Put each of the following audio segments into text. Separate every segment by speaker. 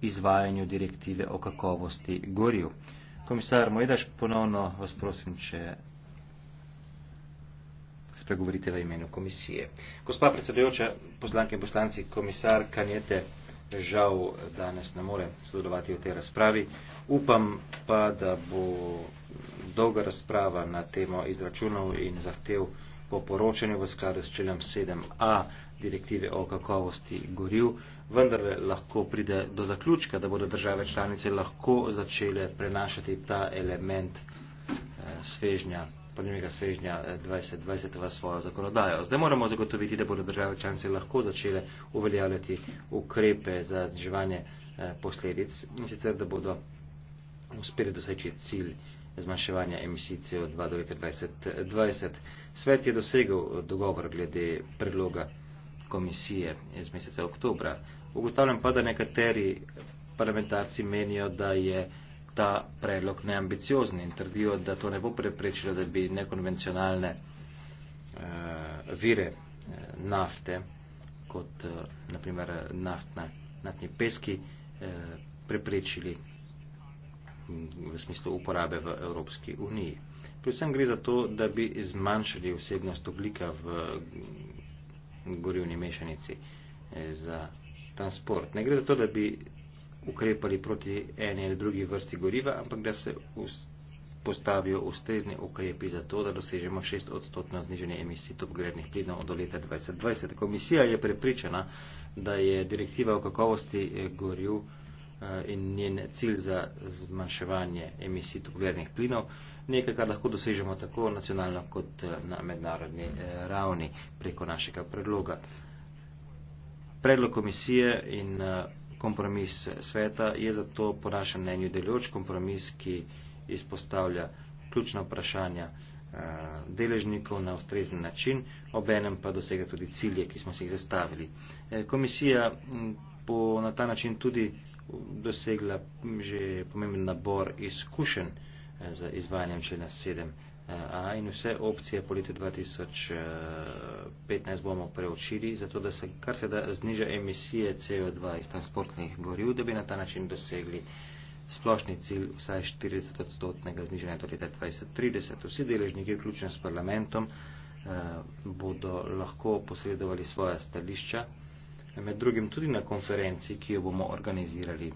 Speaker 1: izvajanju direktive o kakovosti goriv. Komisar Mojdaš, ponovno vas prosim, če spregovorite v imenu komisije. Gospa predsedujoča, poslanke in poslanci, komisar Kanjete, žal danes ne more sodelovati v tej razpravi. Upam pa, da bo dolga razprava na temo izračunov in zahtev po poročanju v skladu s členom 7a direktive o kakovosti goriv vendar lahko pride do zaključka, da bodo države članice lahko začele prenašati ta element eh, svežnja, podnevnega svežnja 2020 eh, v svojo zakonodajo. Zdaj moramo zagotoviti, da bodo države članice lahko začele uveljavljati ukrepe za zniževanje eh, posledic in sicer, da bodo uspeli doseči cilj zmanjševanja emisij CO2 do leta 2020. Svet je dosegel dogovor glede predloga komisije iz meseca oktobra Ugotavljam pa, da nekateri parlamentarci menijo, da je ta predlog neambiciozen in trdijo, da to ne bo preprečilo, da bi nekonvencionalne uh, vire uh, nafte, kot uh, eh, naprimer naftna, naftni peski, uh, preprečili mm, v smislu uporabe v Evropski uniji. Predvsem gre za to, da bi zmanjšali vsebnost oglika v mm, gorivni mešanici za transport. Ne gre za to, da bi ukrepali proti eni ali drugi vrsti goriva, ampak da se postavijo ustrezni ukrepi za to, da dosežemo 6 odstotno zniženje emisij topogrednih plinov do leta 2020. Komisija je prepričana, da je direktiva o kakovosti eh, goriv eh, in njen cilj za zmanjševanje emisij topogrednih plinov nekaj, kar lahko dosežemo tako nacionalno kot eh, na mednarodni ravni preko našega predloga. Predlog komisije in eh, kompromis sveta je zato po našem mnenju deloč kompromis, ki izpostavlja ključna vprašanja eh, deležnikov na ustrezen način, obenem pa dosega tudi cilje, ki smo si jih zastavili. Eh, komisija bo na ta način tudi dosegla že pomemben nabor izkušenj za izvajanjem člena 7. A in vse opcije po letu 2015 bomo preučili, zato da se kar se da zniža emisije CO2 iz transportnih goriv, da bi na ta način dosegli splošni cilj vsaj 40 odstotnega znižanja do leta 2030. Vsi deležniki, vključno s parlamentom, eh, bodo lahko posredovali svoja stališča, med drugim tudi na konferenci, ki jo bomo organizirali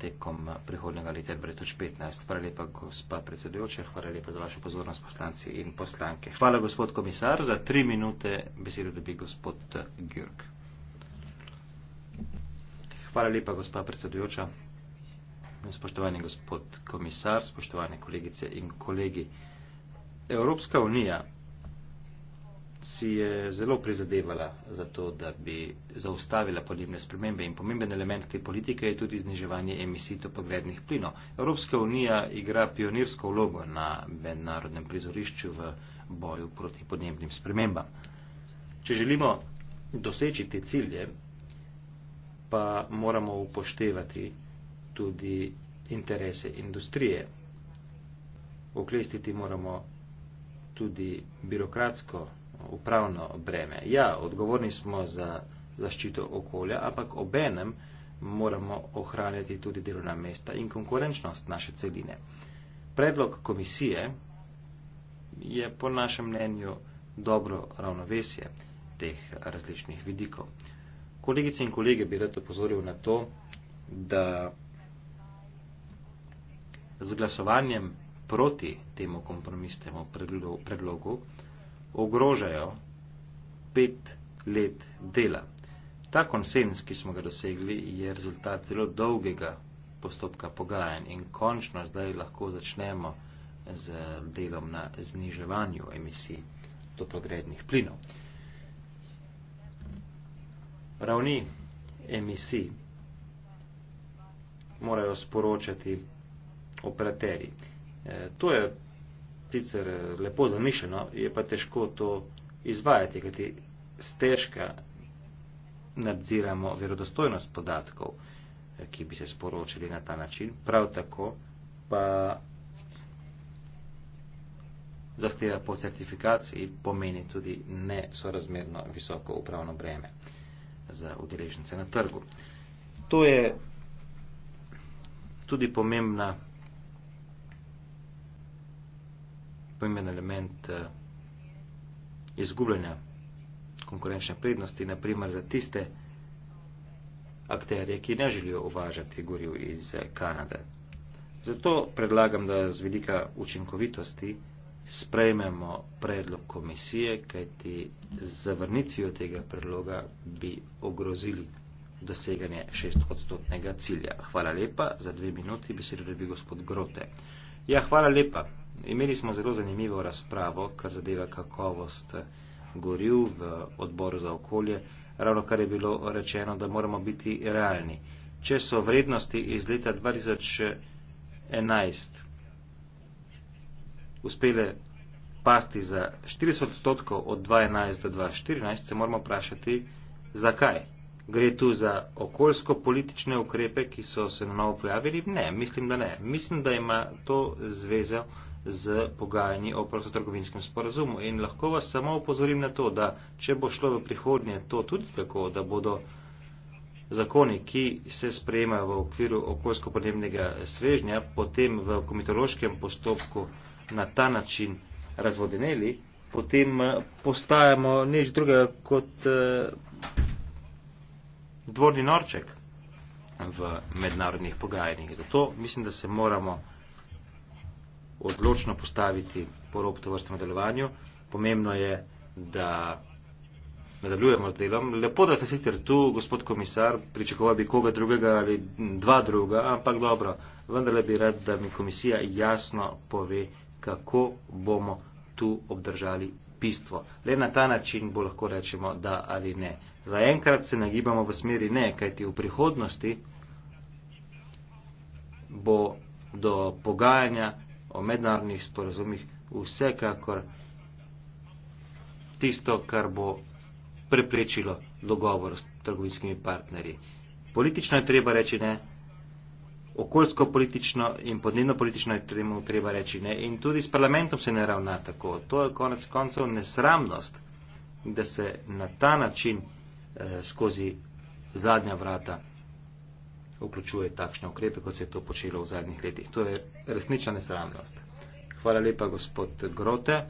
Speaker 1: tekom prihodnjega leta 2015. Hvala lepa, gospa predsedujoča, hvala lepa za vašo pozornost, poslanci in poslanke. Hvala, gospod komisar, za tri minute besedo dobi gospod Gjurk. Hvala lepa, gospa predsedujoča, spoštovani gospod komisar, spoštovane kolegice in kolegi. Evropska unija si je zelo prizadevala za to, da bi zaustavila podnebne spremembe in pomemben element te politike je tudi zniževanje emisij toplogrednih plinov. Evropska unija igra pionirsko vlogo na mednarodnem prizorišču v boju proti podnebnim spremembam. Če želimo doseči te cilje, pa moramo upoštevati tudi interese industrije. Oklestiti moramo tudi birokratsko upravno breme. Ja, odgovorni smo za zaščito okolja, ampak obenem moramo ohranjati tudi delovna mesta in konkurenčnost naše celine. Predlog komisije je po našem mnenju dobro ravnovesje teh različnih vidikov. Kolegice in kolege bi rad opozoril na to, da z glasovanjem proti temu kompromisnemu predlogu, predlogu ogrožajo pet let dela. Ta konsens, ki smo ga dosegli, je rezultat zelo dolgega postopka pogajanj in končno zdaj lahko začnemo z delom na zniževanju emisij toplogrednih plinov. Ravni emisij morajo sporočati operateri. E, to je sicer eh, lepo zamišljeno, je pa težko to izvajati, kajti stežka nadziramo verodostojnost podatkov, eh, ki bi se sporočili na ta način, prav tako pa zahteva po certifikaciji pomeni tudi nesorazmerno visoko upravno breme za udeležence na trgu. To je tudi pomembna pomemben element eh, izgubljanja konkurenčne prednosti, naprimer za tiste akterje, ki ne želijo uvažati goril iz eh, Kanade. Zato predlagam, da z vidika učinkovitosti sprejmemo predlog komisije, kajti z zavrnitvijo tega predloga bi ogrozili doseganje šest odstotnega cilja. Hvala lepa, za dve minuti besedo dobi gospod Grote. Ja, hvala lepa. Imeli smo zelo zanimivo razpravo, kar zadeva kakovost goril v odboru za okolje. Ravno kar je bilo rečeno, da moramo biti realni. Če so vrednosti iz leta 2011 uspele pasti za 40 odstotkov od 2011 do 2014, se moramo vprašati, zakaj. Gre tu za okoljsko-politične ukrepe, ki so se na novo pojavili? Ne, mislim, da ne. Mislim, da ima to zvezo z pogajanji o prostotrgovinskem sporazumu. In lahko vas samo opozorim na to, da če bo šlo v prihodnje to tudi tako, da bodo zakoni, ki se sprejemajo v okviru okoljsko-podnebnega svežnja, potem v komitološkem postopku na ta način razvodeneli, potem eh, postajamo nič druga kot eh, dvorni norček v mednarodnih pogajanjih. Zato mislim, da se moramo odločno postaviti po robu to vrstno delovanju. Pomembno je, da nadaljujemo z delom. Lepo, da ste sicer tu, gospod komisar, pričakoval bi koga drugega ali dva druga, ampak dobro, vendarle bi rad, da mi komisija jasno pove, kako bomo tu obdržali pistvo. Le na ta način bo lahko rečemo da ali ne. Zaenkrat se nagibamo v smeri ne, kajti v prihodnosti bo do pogajanja o mednarodnih sporazumih vsekakor tisto, kar bo preprečilo dogovor s trgovinskimi partnerji. Politično je treba reči ne, okoljsko-politično in podnebno-politično je treba reči ne in tudi s parlamentom se ne ravna tako. To je konec koncev nesramnost, da se na ta način eh, skozi zadnja vrata vključuje takšne ukrepe, kot se je to počelo v zadnjih letih. To je resnična nesramnost. Hvala lepa, gospod Grote.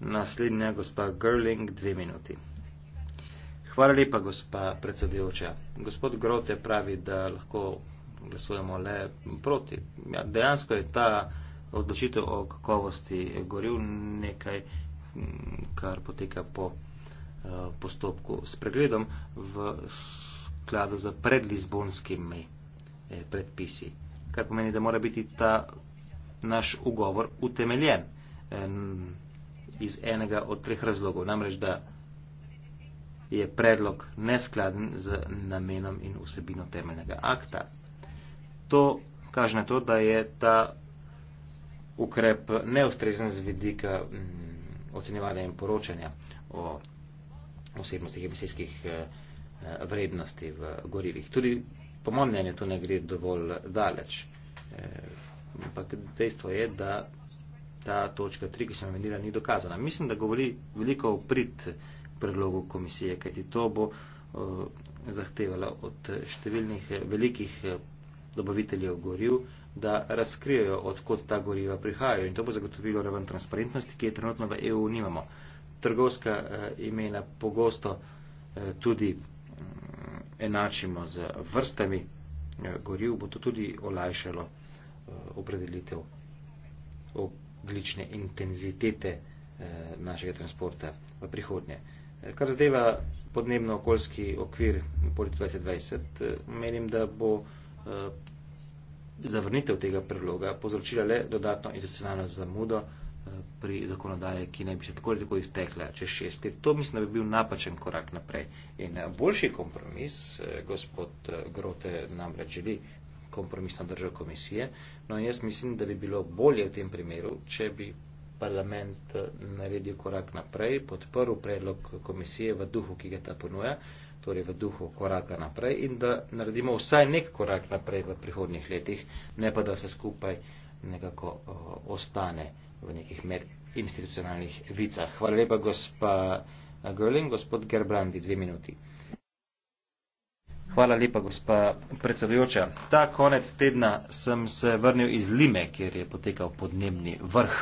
Speaker 1: Naslednja gospa Gerling, dve minuti. Hvala lepa, gospa predsedujoča. Gospod Grote pravi, da lahko glasujemo le proti. Ja, dejansko je ta odločitev o kakovosti goril nekaj, kar poteka po uh, postopku s pregledom v skladu z predlizbonskimi eh, predpisi. Kar pomeni, da mora biti ta naš ugovor utemeljen eh, iz enega od treh razlogov. Namreč, da je predlog neskladen z namenom in vsebino temeljnega akta. To kaže na to, da je ta ukrep neustrezen z vidika mm, ocenjevanja in poročanja o osebnostih emisijskih eh, Eh, vrednosti v gorivih. Tudi po mojem mnenju to ne gre dovolj daleč. Eh, ampak dejstvo je, da ta točka 3, ki sem omenila, ni dokazana. Mislim, da govori veliko o prid predlogu komisije, kajti to bo eh, zahtevalo od številnih velikih dobaviteljev goriv, da razkrijejo, odkot ta goriva prihajajo in to bo zagotovilo raven transparentnosti, ki je trenutno v EU nimamo. Trgovska imena pogosto tudi enačimo z vrstami eh, goril, bo to tudi olajšalo eh, opredelitev oglične intenzitete eh, našega transporta v prihodnje. Kar zadeva podnebno-okoljski okvir poli 2020, menim, da bo zavrnitev tega predloga povzročila le dodatno institucionalno zamudo. Eh, pri zakonodaji, ki naj bi se tako ali tako iztekla čez šest let. To mislim, da bi bil napačen korak naprej. In eh, boljši kompromis, eh, gospod Grote namreč želi kompromis na držav komisije, no jaz mislim, da bi bilo bolje v tem primeru, če bi parlament naredil korak naprej, podprl predlog komisije v duhu, ki ga ta ponuja, torej v duhu koraka naprej in da naredimo vsaj nek korak naprej v prihodnih letih, ne pa da vse skupaj nekako o, ostane v nekih medinstitucionalnih vicah. Hvala lepa, gospa Gerling, gospod Gerbrandi, dve minuti. Hvala lepa, gospa predsedujoča. Ta konec tedna sem se vrnil iz Lime, kjer je potekal podnebni vrh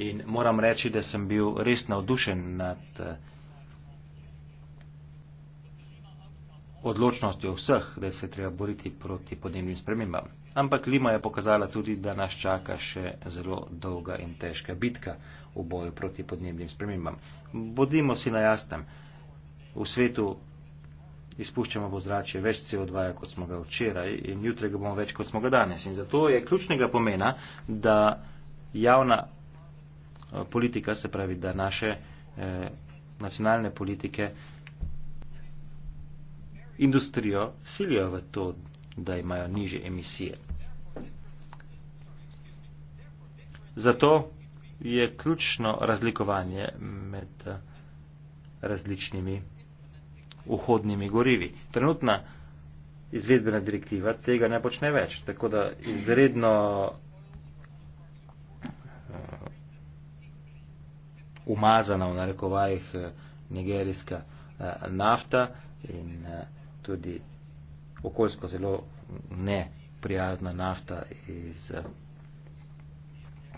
Speaker 1: in moram reči, da sem bil res navdušen nad odločnostjo vseh, da se treba boriti proti podnebnim spremembam. Ampak Lima je pokazala tudi, da nas čaka še zelo dolga in težka bitka v boju proti podnebnim spremembam. Bodimo si na jasnem. V svetu izpuščamo v zrače več CO2, kot smo ga včeraj in jutri ga bomo več, kot smo ga danes. In zato je ključnega pomena, da javna eh, politika, se pravi, da naše eh, nacionalne politike eh, industrijo silijo v to, da imajo niže emisije. Zato je ključno razlikovanje med eh, različnimi vhodnimi gorivi. Trenutna izvedbena direktiva tega ne počne več, tako da izredno eh, umazana v narekovajih eh, nigerijska nafta in tudi okoljsko zelo neprijazna nafta, iz,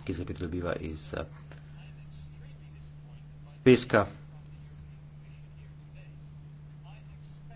Speaker 1: ki se pridobiva iz peska,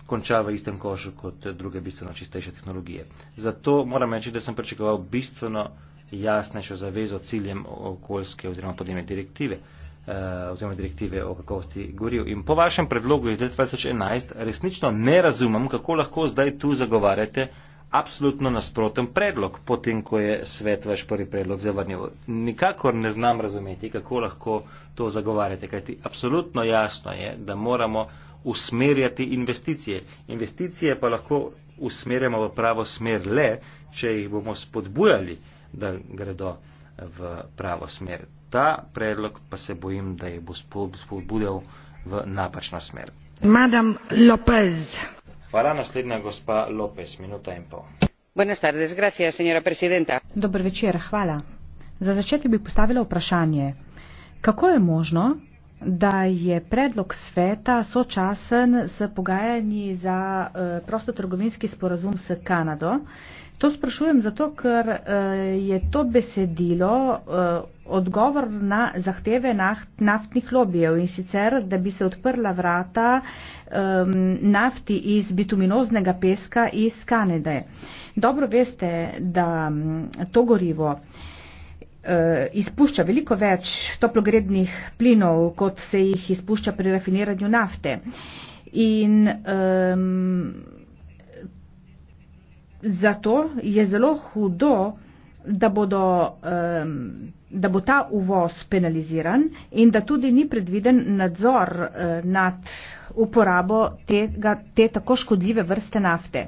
Speaker 1: konča v istem košu kot druge bistveno čistejše tehnologije. Zato moram reči, da sem pričakoval bistveno jasnejšo zavezo ciljem okoljske oziroma podnebne direktive. Eh, oziroma direktive o kakovosti goril. In po vašem predlogu iz 2011 resnično ne razumem, kako lahko zdaj tu zagovarjate absolutno nasproten predlog, potem ko je svet vaš prvi predlog zavrnil. Nikakor ne znam razumeti, kako lahko to zagovarjate, kajti absolutno jasno je, da moramo usmerjati investicije. Investicije pa lahko usmerjamo v pravo smer le, če jih bomo spodbujali, da gredo v pravo smer ta predlog pa se bojim, da je bo spodbudil v napačno smer.
Speaker 2: Madam Lopez.
Speaker 1: Hvala, naslednja gospa Lopez, minuta in pol.
Speaker 2: Buenas tardes, gracias, señora presidenta. Dobro večer, hvala. Za začetek bi postavila vprašanje. Kako je možno, da je predlog sveta sočasen s pogajanji za eh, prostotrgovinski sporazum s Kanado, To sprašujem zato, ker eh, je to besedilo eh, odgovor na zahteve naftnih lobijev in sicer, da bi se odprla vrata ehm, nafti iz bituminoznega peska iz Kanade. Dobro veste, da mm, to gorivo eh, izpušča veliko več toplogrednih plinov, kot se jih izpušča pri rafiniranju nafte. In um, Zato je zelo hudo, da, bodo, da bo ta uvoz penaliziran in da tudi ni predviden nadzor eh, nad uporabo tega, te tako škodljive vrste nafte.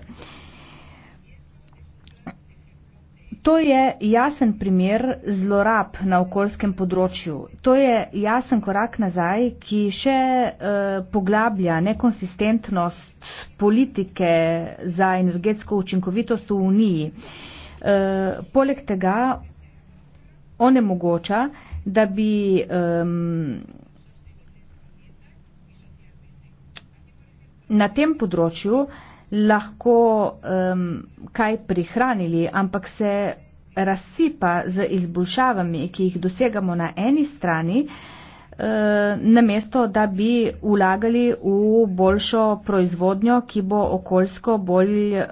Speaker 2: To je jasen primer zlorab na okoljskem področju. To je jasen korak nazaj, ki še eh, poglablja nekonsistentnost politike za energetsko učinkovitost v Uniji. Eh, poleg tega onemogoča, da bi eh, na tem področju eh, lahko um, kaj prihranili, ampak se razsipa z izboljšavami, ki jih dosegamo na eni strani, eh, namesto da bi ulagali v boljšo proizvodnjo, ki bo okoljsko bolj eh,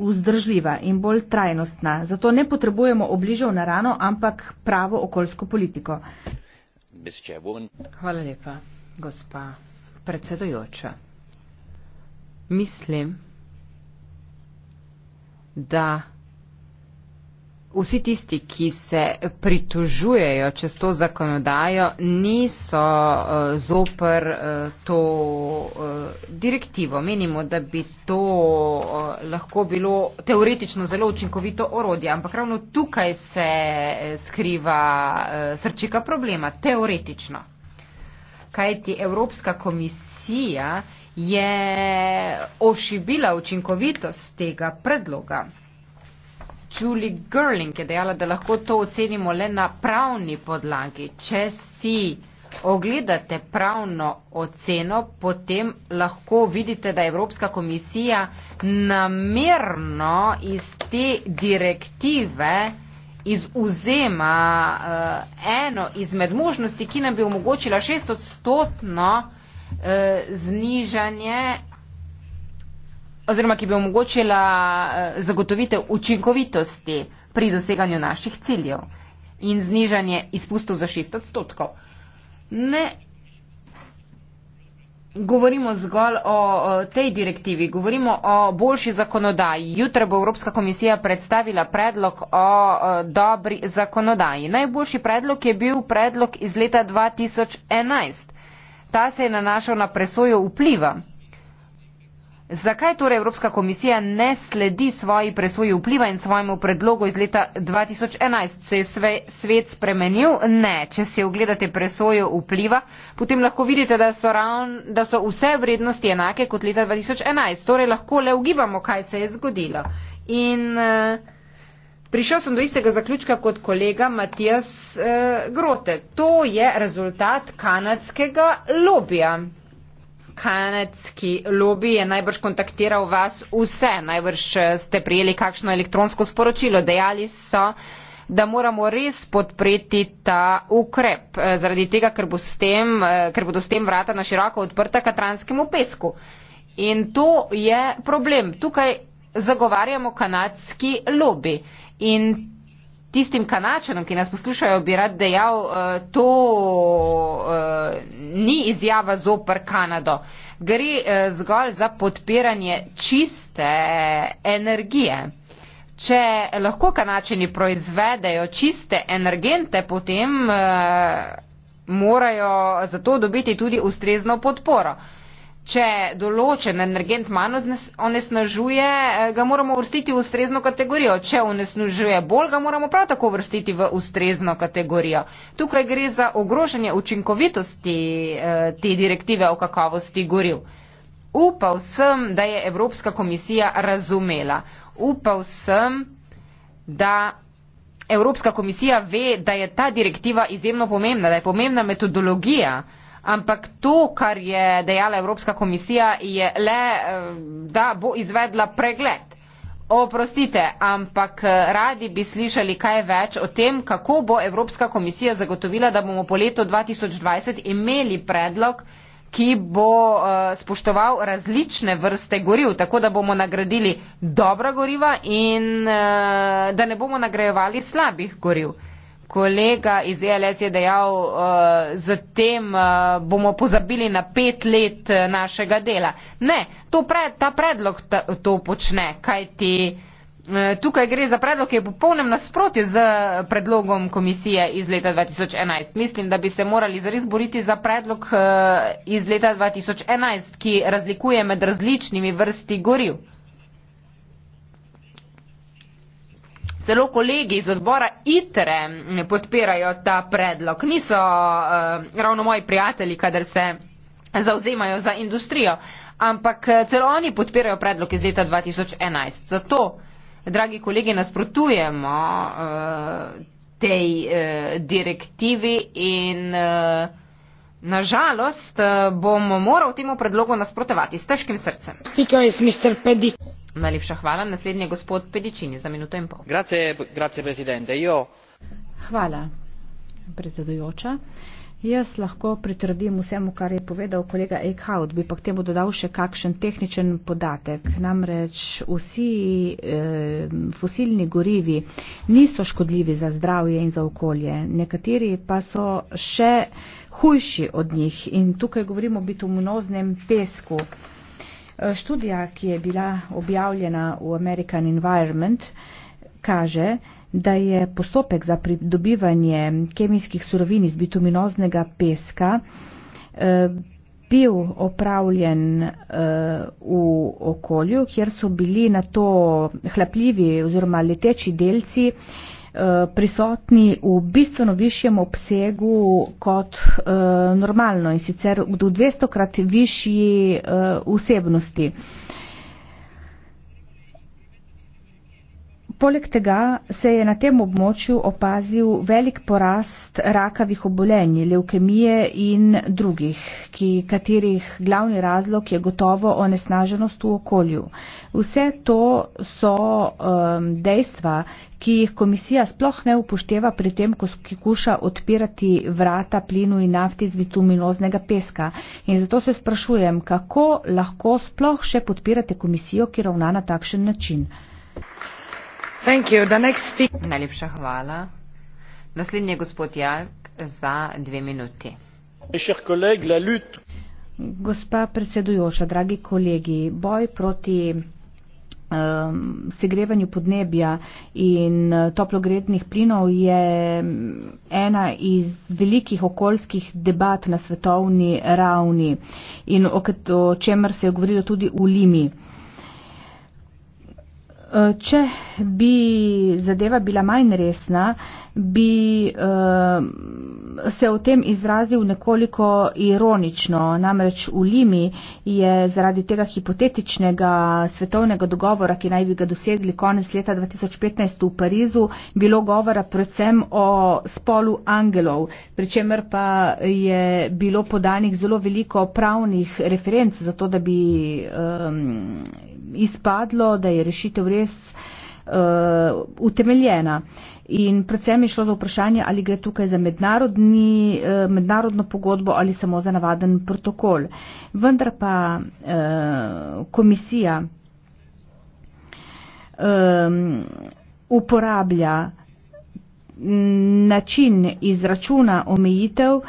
Speaker 2: vzdržljiva in bolj trajnostna. Zato ne potrebujemo obližav na rano, ampak pravo okoljsko politiko.
Speaker 3: Hvala lepa, gospa
Speaker 4: predsedojoča. Mislim, da vsi tisti, ki se pritožujejo čez to zakonodajo, niso uh, zoper uh, to uh, direktivo. Menimo, da bi to uh, lahko bilo teoretično zelo učinkovito orodje, ampak ravno tukaj se skriva uh, srčika problema, teoretično. Kajti Evropska komisija je ošibila učinkovitost tega predloga. Julie Gerling je dejala, da lahko to ocenimo le na pravni podlagi. Če si ogledate pravno oceno, potem lahko vidite, da Evropska komisija namerno iz te direktive izuzema uh, eh, eno izmed možnosti, ki nam bi omogočila šestodstotno Eh, znižanje oziroma ki bi omogočila eh, zagotovitev učinkovitosti pri doseganju naših ciljev in znižanje izpustov za 6 odstotkov. Ne govorimo zgolj o tej direktivi, govorimo o boljši zakonodaji. Jutro bo Evropska komisija predstavila predlog o dobri zakonodaji. Najboljši predlog je bil predlog iz leta 2011. Ta se je nanašal na presojo vpliva. Zakaj torej Evropska komisija ne sledi svoji presoji vpliva in svojemu predlogu iz leta 2011? Se je svet spremenil? Ne. Če si ogledate presojo vpliva, potem lahko vidite, da so, ravn, da so vse vrednosti enake kot leta 2011. Torej lahko le ugibamo, kaj se je zgodilo. In, uh, Prišel sem do istega zaključka kot kolega Matijas e, Grote. To je rezultat kanadskega lobija. Kanadski lobby je najbrž kontaktiral vas vse, najbrž eh, ste prijeli kakšno elektronsko sporočilo, dejali so, da moramo res podpreti ta ukrep, eh, zaradi tega, ker, bo s tem, ker bodo s tem vrata na široko odprta katranskemu pesku. In to je problem. Tukaj zagovarjamo kanadski lobby. In tistim kanačanom, ki nas poslušajo, bi rad dejal, uh, to uh, ni izjava zopr Kanado. Gre uh, zgolj za podpiranje čiste energije. Če lahko kanačeni proizvedejo čiste energente, potem uh, morajo za to dobiti tudi ustrezno podporo. Uh, če določen energent manj onesnažuje, eh, ga moramo vrstiti v ustrezno kategorijo. Če onesnažuje bolj, ga moramo prav tako vrstiti v ustrezno kategorijo. Tukaj gre za ogrožanje učinkovitosti eh, te direktive o kakovosti goril. Upal sem, da je Evropska komisija razumela. Upal sem, da. Evropska komisija ve, da je ta direktiva izjemno pomembna, da je pomembna metodologija, ampak to, kar je dejala Evropska komisija, je le, eh, da bo izvedla pregled. Oprostite, ampak eh, radi bi slišali kaj več o tem, kako bo Evropska komisija zagotovila, da bomo po letu 2020 imeli predlog, ki bo eh, spoštoval različne vrste goriv, tako da bomo nagradili dobra goriva in da ne bomo nagrajevali slabih goriv. Kolega iz ELS je dejal, uh, eh, zatem uh, eh, bomo pozabili na pet let eh, našega dela. Ne, pre, ta predlog ta, to počne, kajti uh, tukaj gre za predlog, ki je popolnem nasprotju z predlogom komisije iz leta 2011. Mislim, da bi se morali zares boriti za predlog uh, iz leta 2011, ki razlikuje med različnimi vrsti goriv. celo kolegi iz odbora ITRE mm, podpirajo ta predlog. Niso uh, ravno moji prijatelji, kadar se zauzemajo za industrijo, ampak eh, celo oni podpirajo predlog iz leta 2011. Zato, dragi kolegi, nasprotujemo uh, tej uh, direktivi in. Uh, Nažalost, bom moral temu predlogu nasprotovati s težkim srcem. Kaj je, mister Pedi? Najlepša hvala. Naslednji
Speaker 2: je gospod Pedičini za minuto in pol.
Speaker 1: Grazie, grazie presidente. Io...
Speaker 2: Hvala, predsedujoča. Jaz lahko pritrdim vsemu, kar je povedal kolega Eichhout, bi pa k temu dodal še kakšen tehničen podatek. Namreč vsi e, fosilni gorivi niso škodljivi za zdravje in za okolje, nekateri pa so še hujši od njih in tukaj govorimo o bitumnoznem pesku. Eh, študija, ki je bila objavljena v American Environment, kaže, da je postopek za pridobivanje kemijskih surovin iz bituminoznega peska eh, bil opravljen eh, v okolju, kjer so bili na to hlapljivi oziroma leteči delci Eh, prisotni v bistveno višjem obsegu kot eh, normalno in sicer v 200 krat višji eh, vsebnosti. Poleg tega se je na tem območju opazil velik porast rakavih obolenj, levkemije in drugih, ki, katerih glavni razlog je gotovo onesnaženost v okolju. Vse to so um, dejstva, ki jih komisija sploh ne upošteva pri tem, ko skuša odpirati vrata plinu in nafti z bituminoznega peska. In zato se sprašujem, kako lahko sploh še podpirate komisijo, ki ravna na takšen način. Thank
Speaker 4: you najlepša hvala naslednji je gospod jak za dve minuti
Speaker 2: gospa predsedujoča dragi kolegi boj proti um, segrevanju podnebja in uh, toplogrednih plinov je ena iz velikih okoljskih debat na svetovni ravni in o čemer se je govorilo tudi v Limi. Eh, če bi zadeva bila manj resna, bi eh, se o tem izrazil nekoliko ironično. Namreč v Limi je zaradi tega hipotetičnega svetovnega dogovora, ki naj bi ga dosegli konec leta 2015 v Parizu, bilo govora predvsem o spolu angelov, pričemer pa je bilo podanih zelo veliko pravnih referenc za to, da bi um, izpadlo, da je rešitev vredna res uh, utemeljena. In predvsem je šlo za vprašanje, ali gre tukaj za mednarodni, uh, mednarodno pogodbo ali samo za navaden protokol. Vendar pa uh, komisija um, uporablja način izračuna omejitev,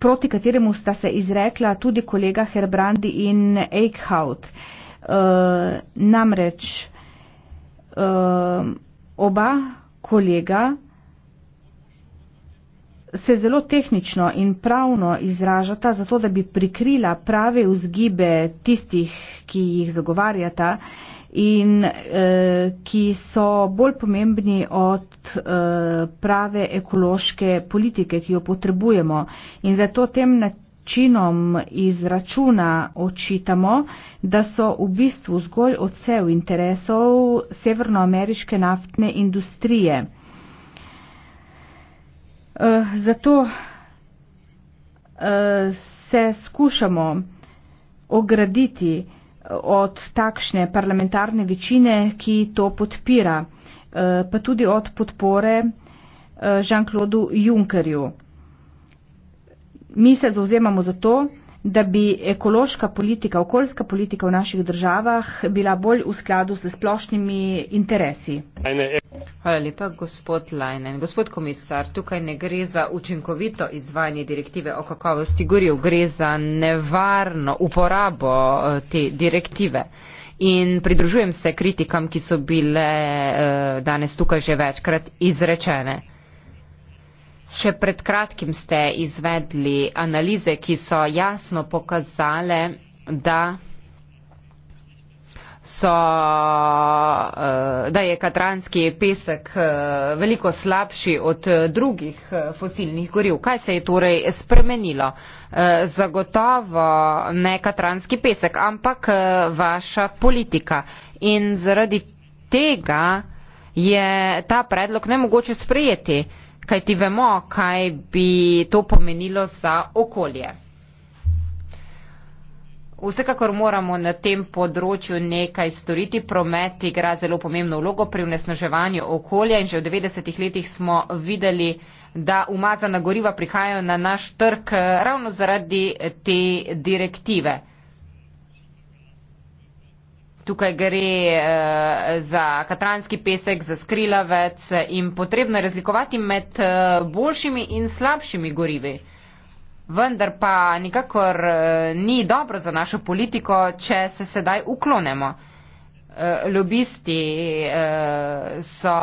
Speaker 2: proti kateremu sta se izrekla tudi kolega Herbrandi in Eichhout. Eh, namreč uh, oba kolega se zelo tehnično in pravno izražata, zato da bi prikrila prave vzgibe tistih, ki jih zagovarjata in eh, ki so bolj pomembni od eh, prave ekološke politike, ki jo potrebujemo. In zato tem na činom izračuna očitamo, da so v bistvu zgolj odsev interesov severnoameriške naftne industrije. Eh, zato eh, se skušamo ograditi eh, od takšne parlamentarne večine, ki to podpira, pa tudi od podpore Jean-Claude Junckerju. Mi se zauzemamo za to, da bi ekološka politika, okoljska politika v naših državah bila bolj v skladu s splošnimi interesi.
Speaker 4: Hvala lepa, gospod Lajnen. Gospod komisar, tukaj ne gre za učinkovito izvajanje direktive o kakovosti goriv, gre za nevarno uporabo eh, te direktive. In pridružujem se kritikam, ki so bile eh, danes tukaj že večkrat izrečene. Še pred kratkim ste izvedli analize, ki so jasno pokazale, da, so, eh, da je katranski pesek eh, veliko slabši od eh, drugih fosilnih goriv. Kaj se je torej spremenilo? Zagotovo ne katranski pesek, ampak vaša politika. In zaradi tega je ta predlog ne mogoče sprejeti kajti vemo, kaj bi to pomenilo za okolje. Vsekakor moramo na tem področju nekaj storiti. Promet igra zelo pomembno vlogo pri vnesnaževanju okolja in že v 90-ih letih smo videli, da umazana goriva prihajajo na naš trg ravno zaradi te direktive tukaj gre eh, za katranski pesek, za skrilavec in potrebno je razlikovati med eh, boljšimi in slabšimi gorivi. Vendar pa nikakor eh, ni dobro za našo politiko, če se sedaj uklonemo. Lobisti so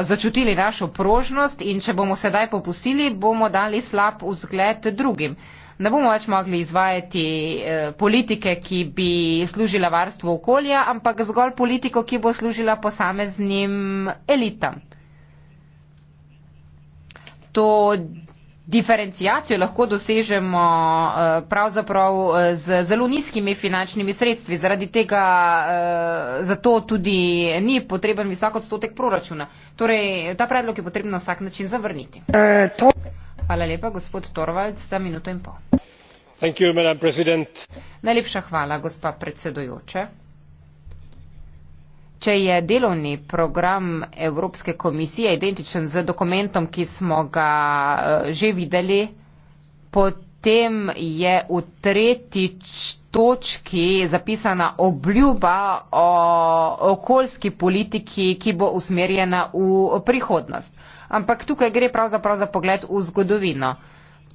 Speaker 4: začutili našo prožnost in če bomo sedaj popustili, bomo dali slab vzgled drugim ne bomo več mogli izvajati eh, politike, ki bi služila varstvu okolja, ampak zgolj politiko, ki bo služila posameznim elitam. To diferencijacijo lahko dosežemo eh, pravzaprav eh, z zelo nizkimi finančnimi sredstvi, zaradi tega zato tudi ni potreben visok odstotek proračuna. Torej, ta predlog je potrebno na vsak način zavrniti. E, Hvala lepa, gospod Torvalds, za minuto in pol. Thank you, madam president. Najlepša hvala, gospa predsedujoča. Če je delovni program Evropske komisije identičen z dokumentom, ki smo ga eh, že videli, potem je v tretji točki zapisana obljuba o okoljski politiki, ki bo usmerjena v prihodnost ampak tukaj gre pravzaprav za pogled v zgodovino.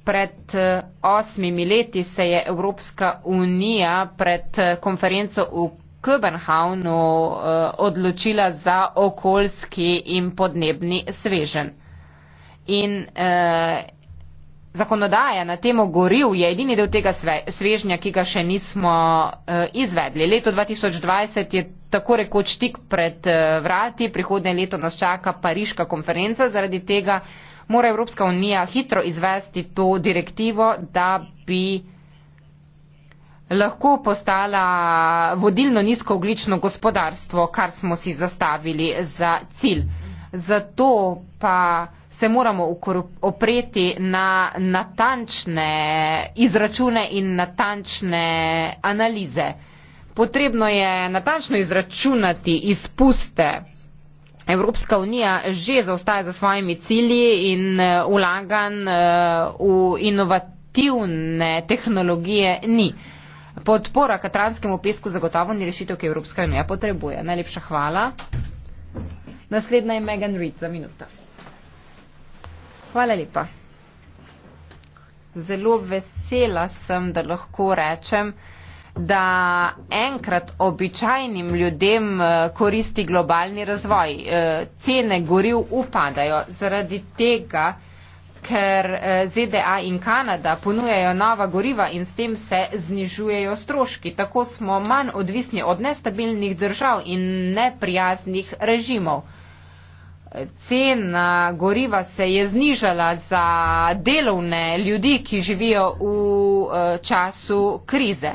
Speaker 4: Pred eh, osmimi leti se je Evropska unija pred eh, konferenco v Kopenhavnu eh, odločila za okoljski in podnebni svežen. In eh, Zakonodaja na temo goril je edini del tega svežnja, ki ga še nismo eh, izvedli. Leto 2020 je tako rekoč tik pred eh, vrati, prihodnje leto nas čaka Pariška konferenca, zaradi tega mora Evropska unija hitro izvesti to direktivo, da bi lahko postala vodilno nizkooglično gospodarstvo, kar smo si zastavili za cilj zato pa se moramo opreti na natančne izračune in natančne analize. Potrebno je natančno izračunati izpuste. Evropska unija že zaostaja za svojimi cilji in ulagan eh, eh, v inovativne tehnologije ni. Podpora katranskemu pesku zagotovo ni rešitev, ki Evropska unija potrebuje. Najlepša hvala. Naslednja je Megan Reed za minuto. Hvala lepa. Zelo vesela sem, da lahko rečem, da enkrat običajnim ljudem eh, koristi globalni razvoj. Eh, cene goriv upadajo zaradi tega, ker eh, ZDA in Kanada ponujajo nova goriva in s tem se znižujejo stroški. Tako smo manj odvisni od nestabilnih držav in neprijaznih režimov cen goriva se je znižala za delovne ljudi, ki živijo v eh, času krize.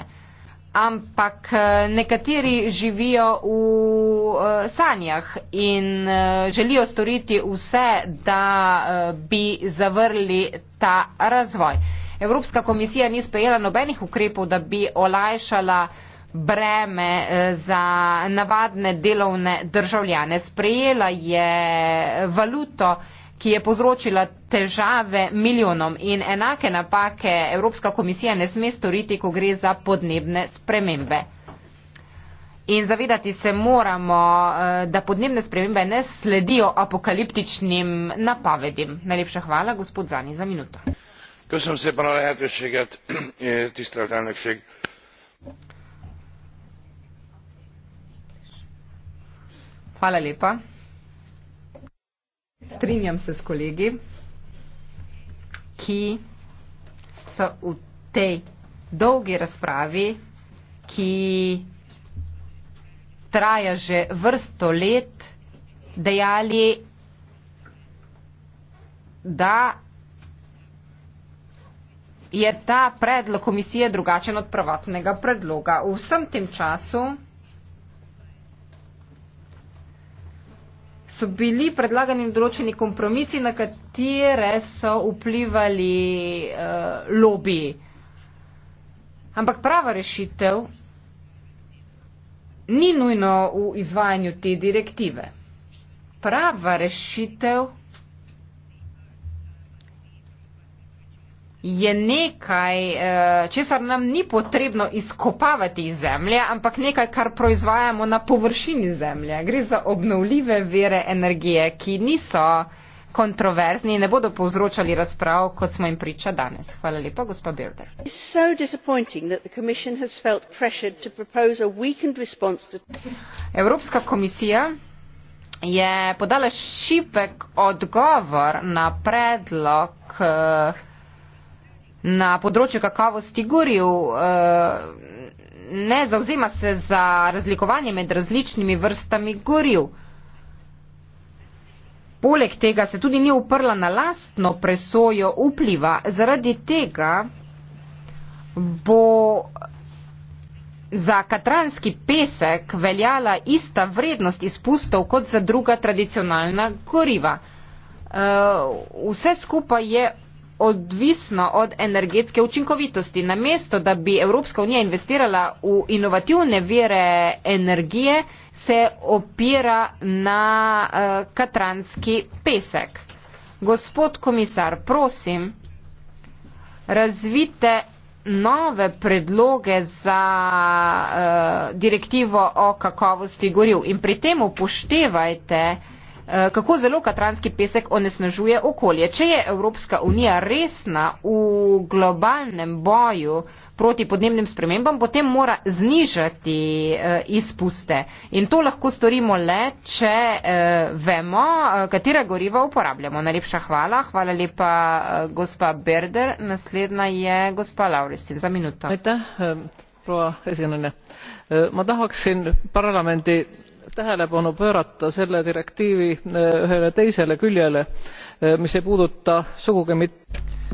Speaker 4: Ampak eh, nekateri živijo v eh, sanjah in želijo storiti vse, da bi zavrli ta razvoj. Evropska komisija ni sprejela nobenih ukrepov, da bi olajšala uh, breme eh, za navadne delovne državljane. Sprejela je valuto, ki je povzročila težave milijonom in enake napake Evropska komisija ne sme storiti, ko gre za podnebne spremembe. In zavedati se moramo, eh, da podnebne spremembe ne sledijo apokaliptičnim napovedim. Najlepša hvala, gospod Zani, za minuto.
Speaker 2: Köszönöm szépen a lehetőséget, tisztelt elnökség!
Speaker 4: Hvala lepa. Strinjam se s kolegi, ki so v tej dolgi razpravi, ki traja že vrsto let, dejali, da je ta predlog komisije drugačen od prvotnega predloga. V vsem tem času so bili predlagani določeni kompromisi, na katere so vplivali uh, lobiji. Ampak prava rešitev ni nujno v izvajanju te direktive. Prava rešitev je nekaj, eh, česar nam ni potrebno izkopavati iz zemlje, ampak nekaj, kar proizvajamo na površini zemlje. Gre za obnovljive vere energije, ki niso kontroverzni in ne bodo povzročali razprav, kot smo jim priča danes. Hvala lepa, gospa Birder. Evropska komisija je podala šipek odgovor na predlog uh, na področju kakavosti goril, eh, ne zauzema se za razlikovanje med različnimi vrstami goril. Poleg tega se tudi ni uprla na lastno presojo vpliva, zaradi tega bo za katranski pesek veljala ista vrednost izpustov kot za druga tradicionalna goriva. Eh, vse skupaj je odvisno od energetske učinkovitosti. Namesto, da bi Evropska unija investirala v inovativne vire energije, se opira na uh, katranski pesek. Gospod komisar, prosim, razvite nove predloge za uh, direktivo o kakovosti goril in pri tem upoštevajte uh, Eh, kako zelo katranski pesek onesnažuje okolje. Če je Evropska unija resna v globalnem boju proti podnebnim spremembam, potem mora znižati eh, izpuste. In to lahko storimo le, če eh, vemo, katera goriva uporabljamo. Najlepša hvala. Hvala lepa, gospa Berder. Naslednja je gospa Lauristin.
Speaker 5: Za minuto. Aitäh, proua esinen. Ma tahaksin parlamendi tähelepanu pöörata selle direktiivi eh, ühele teisele küljele eh, mis ei puuduta sugugi mit-.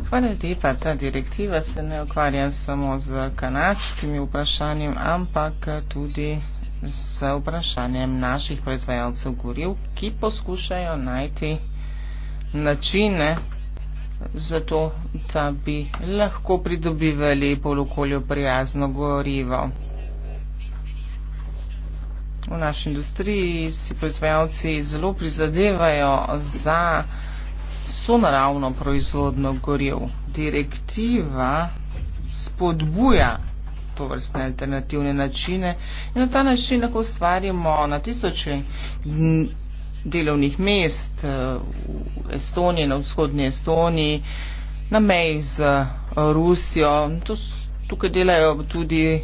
Speaker 5: Hvala lepa, ta direktiva se ne ukvarja samo z kanadskimi vprašanjem, ampak tudi z vprašanjem naših proizvajalcev goril, ki poskušajo najti načine za to, da bi lahko pridobivali polokolju prijazno gorivo v naši industriji si proizvajalci zelo prizadevajo za sonaravno proizvodno gorjev. Direktiva spodbuja to vrstne alternativne načine in na ta način lahko ustvarimo na tisoče delovnih mest eh, v Estoniji, na vzhodnji Estoniji, na meji z Rusijo. Tukaj delajo tudi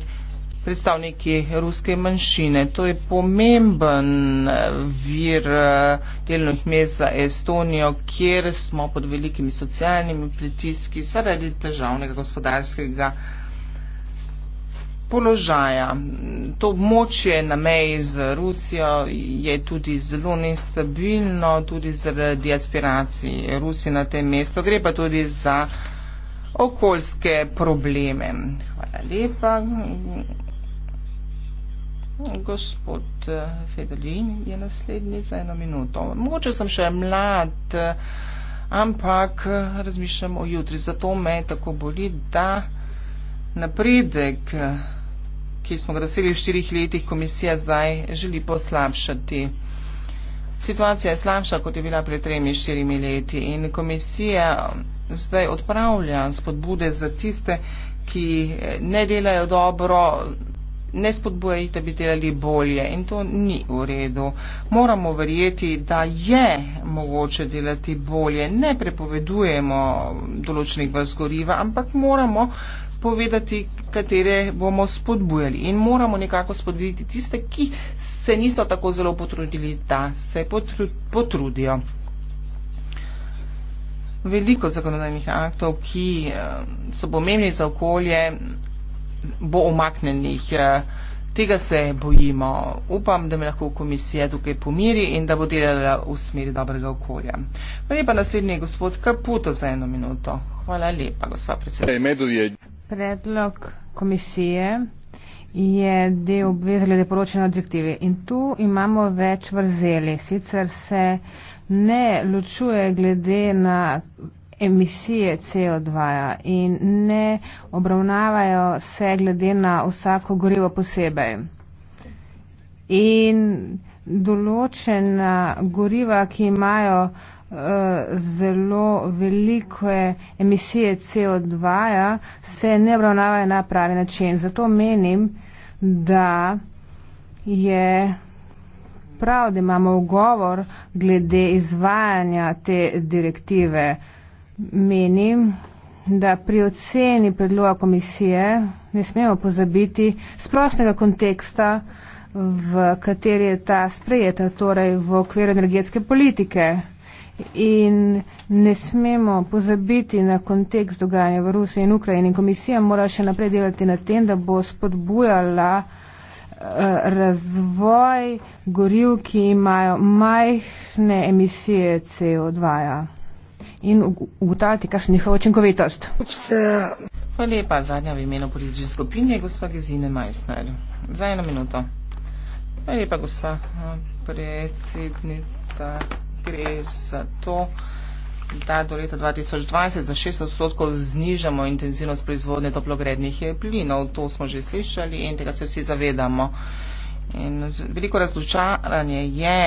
Speaker 5: predstavniki ruske manjšine. To je pomemben eh, vir eh, delovnih mest za Estonijo, kjer smo pod velikimi socialnimi pritiski zaradi državnega gospodarskega položaja. To območje na meji z Rusijo je tudi zelo nestabilno, tudi zaradi aspiracij Rusije na tem mestu. Gre pa tudi za okoljske probleme. Hvala lepa. Gospod eh, Fedelin je naslednji za eno minuto. Mogoče sem še mlad, eh, ampak eh, razmišljam o jutri. Zato me tako boli, da napredek, ki smo ga dosegli v štirih letih, komisija zdaj želi poslabšati. Situacija je slabša, kot je bila pred tremi, štirimi leti in komisija zdaj odpravlja spodbude za tiste, ki ne delajo dobro, ne spodbuja jih, da bi delali bolje in to ni v redu. Moramo verjeti, da je mogoče delati bolje. Ne prepovedujemo določenih vrst goriva, ampak moramo povedati, katere bomo spodbujali in moramo nekako spodbuditi tiste, ki se niso tako zelo potrudili, da se potrudijo. Veliko zakonodajnih aktov, ki eh, so pomembni za okolje, bo omaknenih. Eh, tega se bojimo. Upam, da me lahko komisija tukaj pomiri in da bo delala v smeri dobrega okolja. Hvala lepa naslednji gospod Kaputo za eno minuto. Hvala lepa, gospa
Speaker 1: predsednica.
Speaker 5: Predlog
Speaker 3: komisije je del obveze glede poročanja o direktivi. In tu imamo več vrzeli. Sicer se ne ločuje glede na emisije CO2 in ne obravnavajo se glede na vsako gorivo posebej. In določena goriva, ki imajo eh, zelo velike emisije CO2, se ne obravnavajo na pravi način. Zato menim, da je prav, da imamo ugovor glede izvajanja te direktive menim, da pri oceni predloga komisije ne smemo pozabiti splošnega konteksta, v kateri je ta sprejeta, torej v okviru energetske politike. In ne smemo pozabiti na kontekst dogajanja v Rusiji in Ukrajini. Komisija mora še naprej delati na tem, da bo spodbujala eh, razvoj goril, ki imajo majhne emisije CO2. -ja in ugotavljati, kakšna je njihova učinkovitost.
Speaker 5: Hvala lepa. Zadnja v imenu politične skupine je gospa Gezine Majsner. Za eno minuto. Hvala lepa, gospa eh, predsednica. Gre za to, da do leta 2020 za 6 odstotkov znižamo intenzivnost proizvodnje toplogrednih plinov. To smo že slišali in tega se vsi zavedamo. In veliko razločaranje je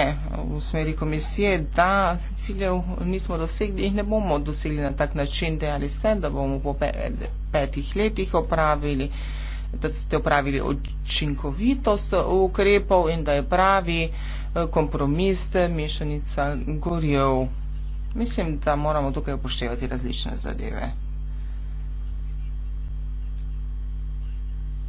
Speaker 5: v smeri komisije, da ciljev nismo dosegli in ne bomo dosegli na tak način, dejali ste, da bomo po petih letih opravili, da ste opravili očinkovitost ukrepov in da je pravi eh, kompromis eh, mešanica gorjev. Mislim, da moramo tukaj upoštevati različne zadeve.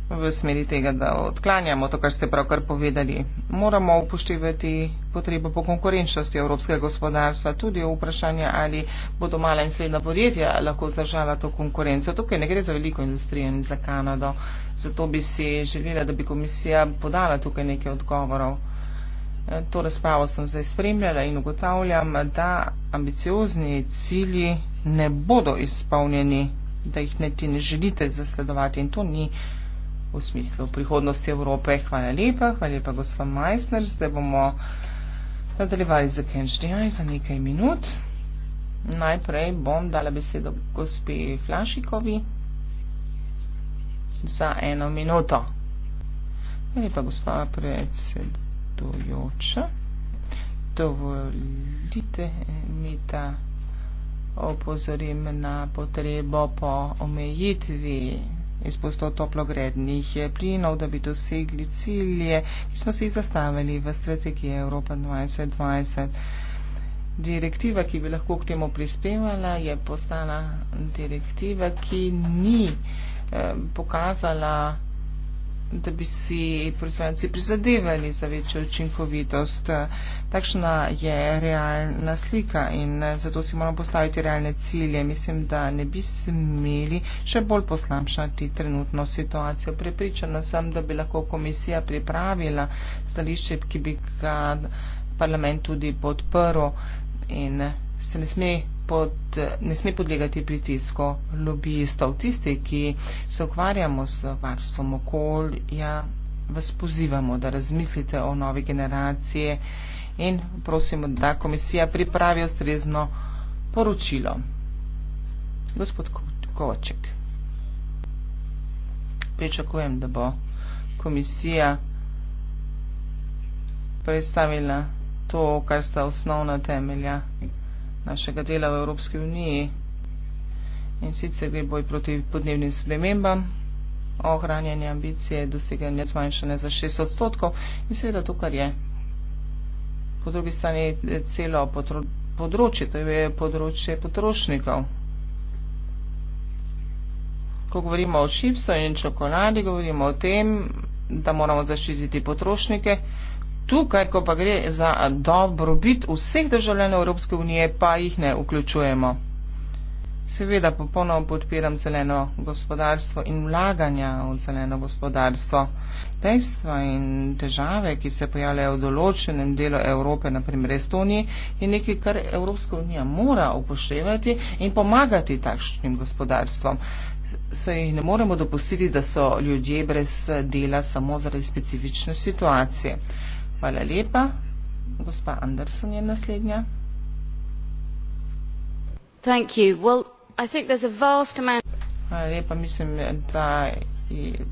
Speaker 5: v smeri tega, da odklanjamo to, kar ste pravkar povedali. Moramo upoštevati potrebo po konkurenčnosti evropskega gospodarstva, tudi vprašanje, ali bodo mala in srednja podjetja lahko zdržala to konkurenco. Tukaj ne gre za veliko industrijo in za Kanado. Zato bi si želela, da bi komisija podala tukaj nekaj odgovorov. E, to razpravo sem zdaj spremljala in ugotavljam, da ambiciozni cilji ne bodo izpolnjeni, da jih ne ti ne želite zasledovati in to ni v smislu prihodnosti Evrope. Hvala lepa, hvala lepa gospod Majsner, zdaj bomo nadaljevali za Kenčnjaj za nekaj minut. Najprej bom dala besedo gospe Flašikovi za eno minuto. Hvala lepa gospa predsedujoča. Dovolite mi, da opozorim na potrebo po omejitvi izpustov toplogrednih plinov, da bi dosegli cilje, ki smo si jih zastavili v strategiji Evropa 2020. Direktiva, ki bi lahko k temu prispevala, je postala direktiva, ki ni eh, pokazala da bi si proizvajalci prizadevali za večjo učinkovitost. Takšna je realna slika in zato si moramo postaviti realne cilje. Mislim, da ne bi smeli še bolj poslamšati trenutno situacijo. Prepričana sem, da bi lahko komisija pripravila stališče, ki bi ga parlament tudi podprl in se ne sme pod, ne sme podlegati pritisko lobijistov. Tisti, ki se ukvarjamo s varstvom okolja, vas pozivamo, da razmislite o novi generaciji in prosimo, da komisija pripravi ustrezno poročilo. Gospod Kovaček, pričakujem, da bo komisija predstavila to, kar sta osnovna temelja našega dela v Evropski uniji. In sicer gre boj proti podnebnim spremembam, ohranjanje ambicije, doseganje zmanjšanja za 6 odstotkov in seveda to, kar je. Po drugi strani je celo področje, to je področje potrošnikov. Ko govorimo o čipsu in čokoladi, govorimo o tem, da moramo zaščititi potrošnike, tukaj, ko pa gre za dobrobit vseh državljanov Evropske unije, pa jih ne vključujemo. Seveda popolnoma podpiram zeleno gospodarstvo in vlaganja v zeleno gospodarstvo. Dejstva in težave, ki se pojavljajo v določenem delu Evrope, naprimer Estoniji, je nekaj, kar Evropska unija mora upoštevati in pomagati takšnim gospodarstvom. Se jih ne moremo dopustiti, da so ljudje brez dela samo zaradi specifične situacije. Hvala lepa. Gospa Anderson je naslednja. Thank you. Well, I think there's a vast amount. Hvala lepa, mislim, da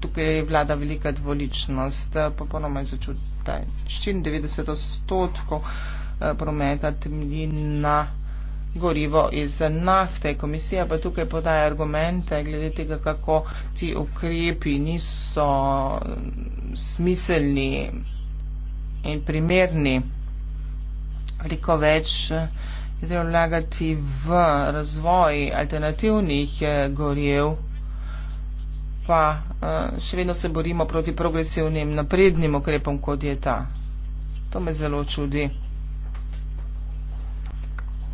Speaker 5: tukaj je vlada velika dvoličnost. Popolnoma je začutila 94 odstotkov eh, prometa temelji na gorivo iz nafte. Komisija pa tukaj podaja argumente glede tega, kako ti ukrepi niso eh, smiselni in primerni. Veliko več eh, je treba vlagati v razvoj alternativnih eh, gorjev, pa eh, še vedno se borimo proti progresivnim naprednim okrepom, kot je ta. To me zelo čudi.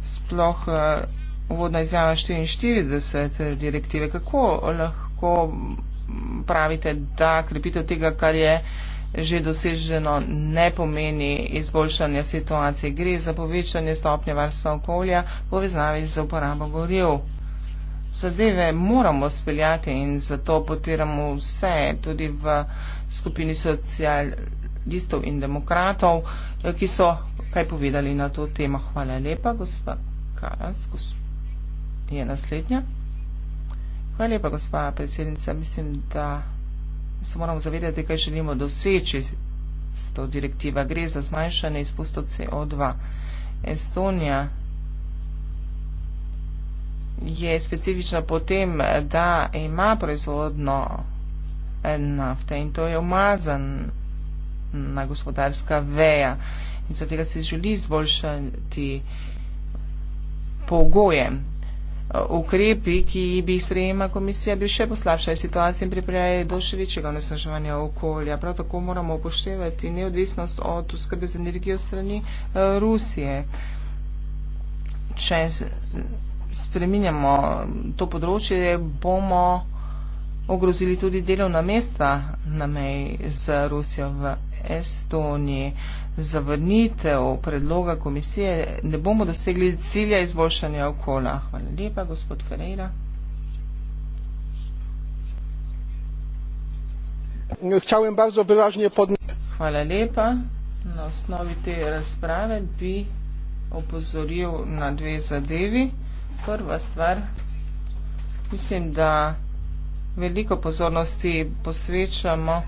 Speaker 5: Sploh uvodna izjava 44 direktive. Kako lahko pravite, da krepitev tega, kar je že doseženo ne pomeni izboljšanja situacije, gre za povečanje stopnje varstva okolja povezavi z uporabo goril. Zadeve moramo speljati in zato podpiramo vse, tudi v skupini socialistov in demokratov, ki so kaj povedali na to temo. Hvala lepa, gospa Karas, gospa je naslednja. Hvala lepa, gospa predsednica. Mislim, da se moramo zavedati, kaj želimo doseči s to direktiva. Gre za zmanjšanje izpustov CO2. Estonija je specifična potem, da ima proizvodno eh, nafte in to je umazan na gospodarska veja in zato se želi izboljšati pogoje ukrepi, ki bi jih sprejema komisija, bi še poslabšali situacijo in pripravljali do še večjega onesnaževanja okolja. Prav tako moramo upoštevati neodvisnost od oskrbe z energijo strani eh, Rusije. Če spreminjamo to področje, bomo ogrozili tudi delovna mesta na meji z Rusijo v Estoniji. Zavrnitev predloga komisije ne bomo dosegli cilja izboljšanja okolja. Hvala lepa, gospod Ferreira. Hvala lepa. Na osnovi te razprave bi opozoril na dve zadevi. Prva stvar, mislim, da veliko pozornosti posvečamo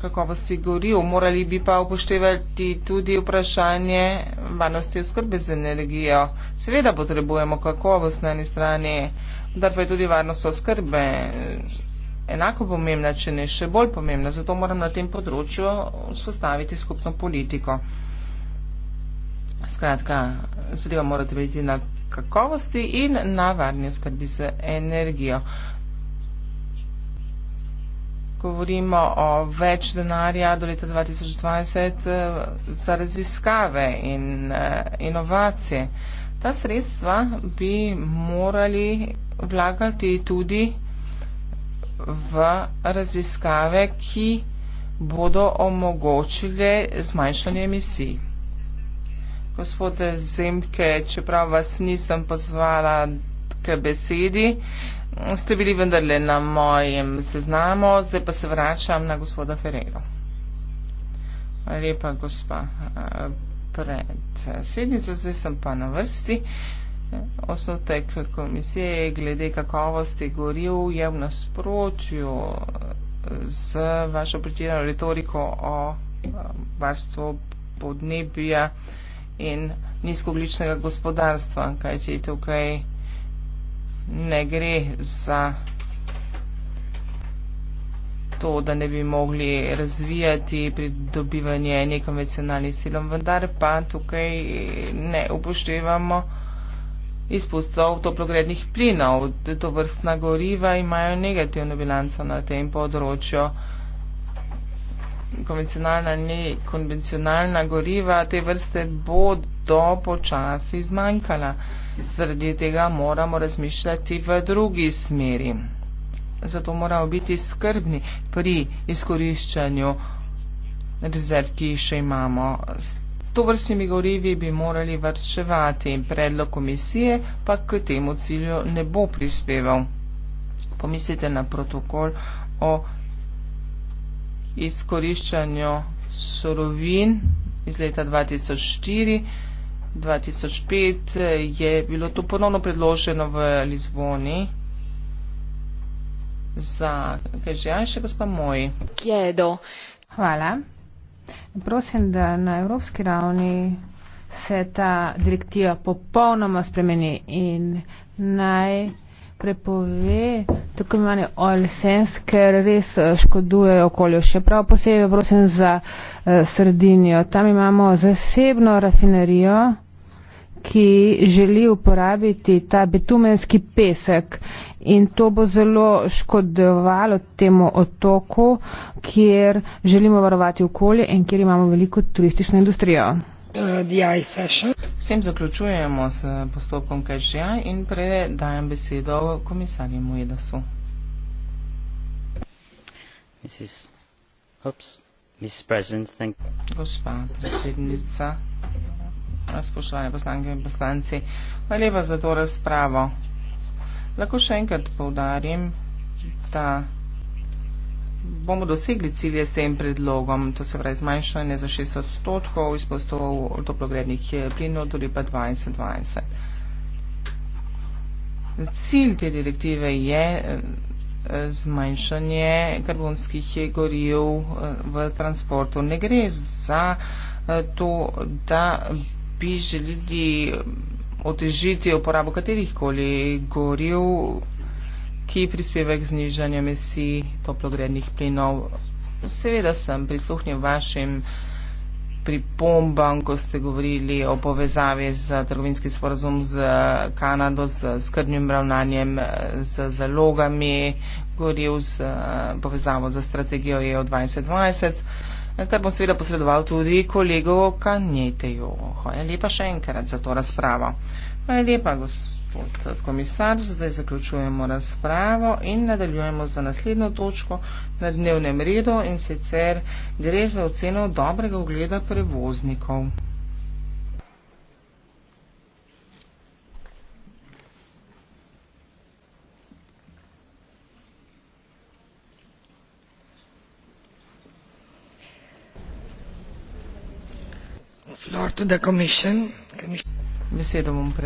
Speaker 5: kakovosti goril. Morali bi pa upoštevati tudi vprašanje varnosti oskrbe z energijo. Seveda potrebujemo kakovost na eni strani, da pa je tudi varnost oskrbe eh, enako pomembna, če ne še bolj pomembna. Zato moram na tem področju vzpostaviti skupno politiko. Skratka, zadeva morate biti na kakovosti in na varni oskrbi z energijo. Govorimo o več denarja do leta 2020 eh, za raziskave in eh, inovacije. Ta sredstva bi morali vlagati tudi v raziskave, ki bodo omogočile zmanjšanje emisij gospode Zemke, čeprav vas nisem pozvala k besedi, ste bili vendarle na mojem seznamu, zdaj pa se vračam na gospoda Ferrero. Lepa gospa eh, predsednica, zdaj sem pa na vrsti. Osnotek komisije glede kakovosti goril je v nasprotju z vašo pretirano retoriko o eh, varstvu podnebja in nizkogličnega gospodarstva, kaj če tukaj ne gre za to, da ne bi mogli razvijati pridobivanje nekonvencionalnih silom, vendar pa tukaj ne upoštevamo izpustov toplogrednih plinov. To vrstna goriva imajo negativno bilanco na tem področju konvencionalna, ne konvencionalna goriva, te vrste bodo počasi zmanjkala. Zaradi tega moramo razmišljati v drugi smeri. Zato moramo biti skrbni pri izkoriščanju rezerv, ki jih še imamo. S to vrstnimi gorivi bi morali vrčevati, predlog komisije pa k temu cilju ne bo prispeval. Pomislite na protokol o izkoriščanju sorovin iz leta 2004-2005 eh, je bilo to ponovno predloženo v Lizboni za kaj že še gospa moji. Kjedo. Hvala.
Speaker 3: Prosim, da na evropski ravni se ta direktiva popolnoma spremeni in naj prepove tako imenovane oil sands, ker res eh, škoduje okolje. Še prav posebej prosim za uh, Sardinijo. Tam imamo zasebno rafinerijo, ki želi uporabiti ta bitumenski pesek in to bo zelo škodovalo temu otoku, kjer želimo varovati okolje in kjer imamo veliko turistično industrijo.
Speaker 5: Uh, s tem zaključujemo s postopkom KŽA in predajam besedo komisarju Mojedasu. Gospa predsednica, spoštovane poslanke in poslanci, hvala lepa za to razpravo. Lahko še enkrat povdarim, da bomo dosegli cilje s tem predlogom, to se pravi zmanjšanje za 6 odstotkov izpostov toplogrednih plinov do leta 2020. Cilj te direktive je eh, zmanjšanje karbonskih goriv eh, v transportu. Ne gre za eh, to, da bi želili otežiti uporabo katerih koli goriv ki prispeva k znižanju emisij toplogrednih plinov. Seveda sem prisluhnil vašim pripombam, ko ste govorili o povezavi z trgovinski sporazum z Kanado, z skrbnim ravnanjem, z zalogami, govoril z povezavo za strategijo EU 2020, kar bom seveda posredoval tudi kolego Kanjeteju. Hvala lepa še enkrat za to razpravo. Hvala lepa, gospod gospod komisar. Zdaj zaključujemo razpravo in nadaljujemo za naslednjo točko na dnevnem redu in sicer gre za oceno dobrega ogleda prevoznikov. Floor to the Commission. commission. Besedo bom predstavljala.